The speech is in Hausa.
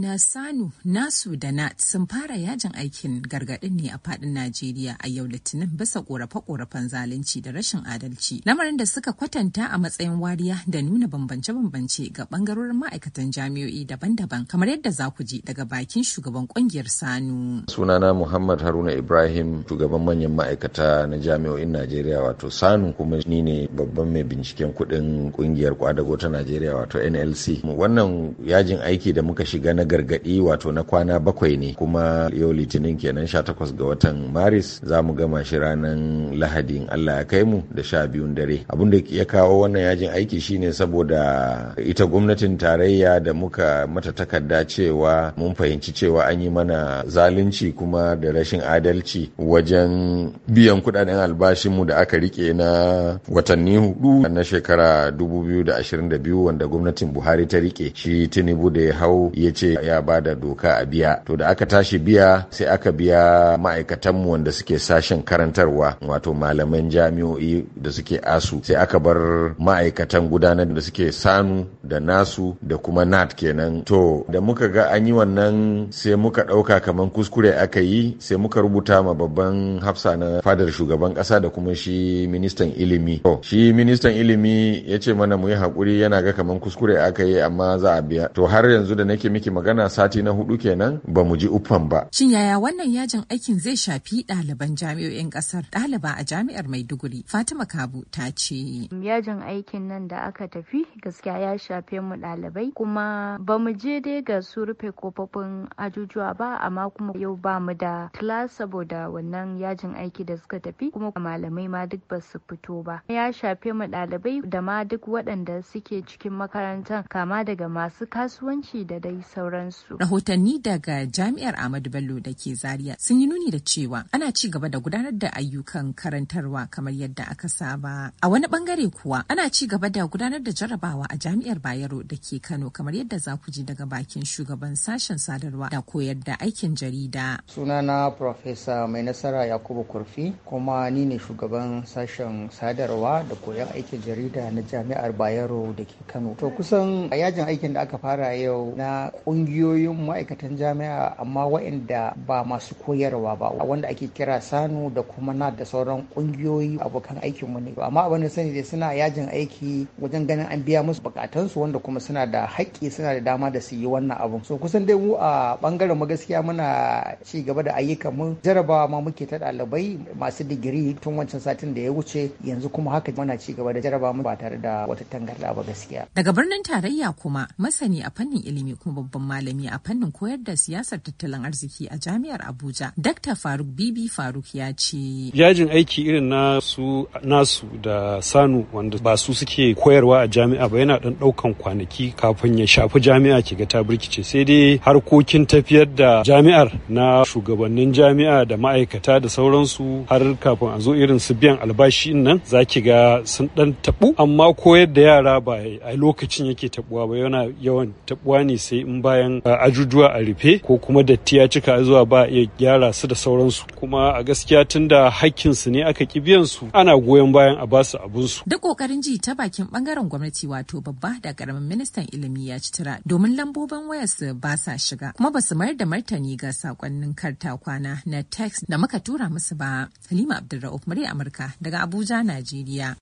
na Sanu, Nasu da na sun fara yajin aikin gargaɗin ne a faɗin Najeriya a yau Litinin bisa ƙorafe-ƙorafen zalunci da rashin adalci. Lamarin da suka kwatanta a matsayin wariya da nuna bambance-bambance ga ɓangarorin ma'aikatan jami'o'i daban-daban kamar yadda za ku ji daga bakin shugaban ƙungiyar Sanu. Sunana Muhammad Haruna Ibrahim, shugaban manyan ma'aikata na jami'o'in Najeriya wato Sanu kuma ni ne babban mai binciken kuɗin ƙungiyar kwadago ta Najeriya wato NLC. Wannan yajin aiki da muka shiga na na gargadi wato na kwana bakwai ne kuma yau litinin kenan 18 ga watan maris za mu gama shi ranar lahadin allah ya kai mu da sha biyun dare abin da ya kawo wannan yajin aiki shine saboda ita gwamnatin tarayya da muka mata takarda cewa mun fahimci cewa an yi mana zalunci kuma da rashin adalci wajen biyan kudaden albashinmu da aka rike na watanni hudu na shekara 2022 wanda gwamnatin buhari ta rike shi tinubu da ya hau ya ce ya ba da doka a biya to da aka tashi biya sai aka biya ma'aikatanmu wanda suke sashen karantarwa wato malaman jami'o'i da suke asu sai aka bar ma'aikatan gudanar da suke sanu da nasu da kuma nat kenan to da muka ga an yi wannan sai muka ɗauka kamar kuskure aka yi sai muka rubuta ma babban hafsa na fadar shugaban ƙasa da kuma shi ministan ilimi to shi ministan ilimi ya ce mana mu yi haƙuri yana ga kamar kuskure aka yi amma za a biya to har yanzu da nake miki magana sati na hudu kenan ba mu ji uffan ba. Shin yaya wannan yajin aikin zai shafi ɗaliban jami'o'in ƙasar? Ɗaliba a jami'ar Maiduguri Fatima Kabu ta ce. Yajin aikin nan da aka tafi gaskiya ya shafe mu ɗalibai kuma ba mu je dai ga su rufe kofofin ajujuwa ba amma kuma yau ba mu da class saboda wannan yajin aiki da suka tafi kuma malamai ma duk ba su fito ba. Ya shafe mu ɗalibai da ma duk waɗanda suke cikin makarantar kama daga masu kasuwanci da dai sauran. sauransu. Rahotanni daga Jami'ar Ahmadu Bello da ke Zaria sun yi nuni da cewa ana ci gaba da gudanar da ayyukan karantarwa kamar yadda aka saba. A wani bangare kuwa ana ci gaba da gudanar da jarrabawa a Jami'ar Bayero da ke Kano kamar yadda za ku ji daga bakin shugaban sashen sadarwa da koyar da aikin jarida. Sunana Profesa Mai Nasara Yakubu Kurfi kuma ni ne shugaban sashen sadarwa da koyon aikin jarida na Jami'ar Bayero da ke Kano. To kusan a yajin aikin da aka fara yau na kungiyoyin ma'aikatan jami'a amma waɗanda ba masu koyarwa ba wanda ake kira sanu da kuma na da sauran ƙungiyoyi abokan aikin mu ne amma abin da sani dai suna yajin aiki wajen ganin an biya musu bukatunsu wanda kuma suna da haƙƙi suna da dama da su yi wannan abun so kusan dai mu a bangaren mu gaskiya muna ci gaba da ayyukan mu jarabawa ma muke ta ɗalibai masu digiri tun wancan satin da ya wuce yanzu kuma haka muna ci gaba da jarabawa ba tare da wata tangarda ba gaskiya daga birnin tarayya kuma masani a fannin ilimi kuma malami a fannin koyar da siyasar tattalin arziki a jami'ar Abuja. dakta Faruk Bibi Faruk ya ce. Yajin aiki irin nasu nasu da Sanu wanda ba su suke koyarwa a jami'a ba yana dan daukan kwanaki kafin ya shafi jami'a ke ga birkice sai dai harkokin tafiyar da jami'ar na shugabannin jami'a da ma'aikata da sauransu har kafin a zo irin su biyan albashi in nan za ki ga sun dan tabu amma koyar da yara ba a lokacin yake tabuwa ba yana yawan tabuwa ne sai in ba bayan ajujuwa a rufe ko kuma datti ya cika zuwa ba iya gyara su da sauransu kuma a gaskiya tun da hakkinsu ne aka ki biyan su ana goyon bayan a basu abunsu. Duk kokarin ji ta bakin bangaren gwamnati wato babba da karamin ministan ilimi ya ci tura domin lambobin wayarsu ba sa shiga kuma ba su mayar da martani ga sakonnin karta kwana na text da muka tura musu ba. Halima Abdulra'uf murya Amurka daga Abuja, Najeriya.